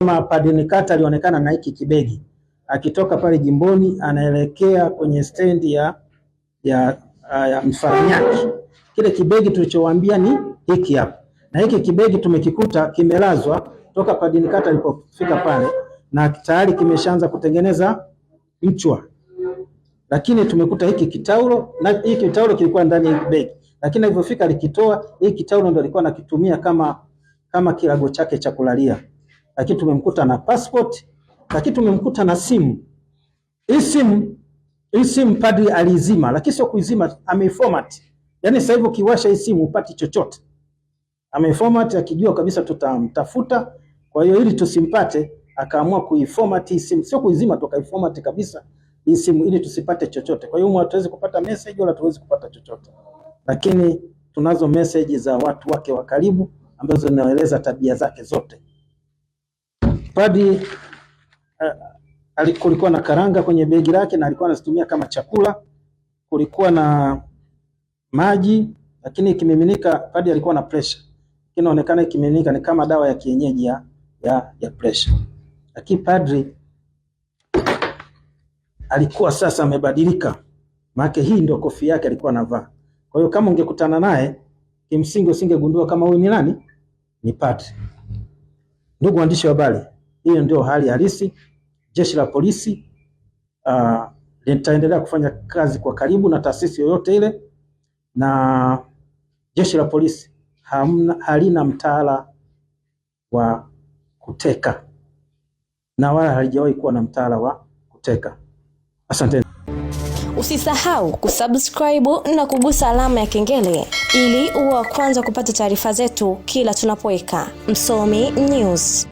Kama Padri Nikata alionekana na hiki kibegi akitoka pale jimboni anaelekea kwenye stendi ya, ya, ya Mfaranyaki. Kile kibegi tulichowaambia ni hiki hapa, na hiki kibegi tumekikuta kimelazwa toka Padri Nikata alipofika pale, na tayari kimeshaanza kutengeneza mchwa, lakini tumekuta hiki kitaulo, na hiki kitaulo kilikuwa ndani ya kibegi, lakini alipofika alikitoa. Hiki kitaulo ndio alikuwa anakitumia kama, kama kilago chake cha kulalia lakini tumemkuta na passport, lakini tumemkuta na simu. Hii simu hii simu padri alizima, lakini sio kuizima, ameformat. Yaani sasa hivi ukiwasha hii simu upati chochote. Ameformat akijua kabisa tutamtafuta, kwa hiyo ili tusimpate akaamua kuiformat hii simu, sio kuizima tu, kaiformat kabisa hii simu ili tusipate chochote. Kwa hiyo mwa tuweze kupata message wala tuweze kupata chochote, lakini tunazo message za watu wake wa karibu ambazo zinaeleza tabia zake zote. Padi uh, eh, kulikuwa na karanga kwenye begi lake na alikuwa anazitumia kama chakula. Kulikuwa na maji, lakini ikimiminika, padi alikuwa na pressure, inaonekana ikimiminika ni kama dawa ya kienyeji ya, ya, ya pressure. Lakini padri alikuwa sasa amebadilika, maana hii ndio kofia yake alikuwa anavaa. Kwa hiyo kama ungekutana naye kimsingi usingegundua kama huyu ni nani, ni padri. Ndugu waandishi wa habari, hiyo ndio hali halisi. Jeshi la polisi uh, litaendelea kufanya kazi kwa karibu na taasisi yoyote ile, na jeshi la polisi hamna, halina mtaala wa kuteka na wala halijawahi kuwa na mtaala wa kuteka. Asante. Usisahau kusubscribe na kugusa alama ya kengele ili uwe wa kwanza kupata taarifa zetu kila tunapoweka. Msomi News.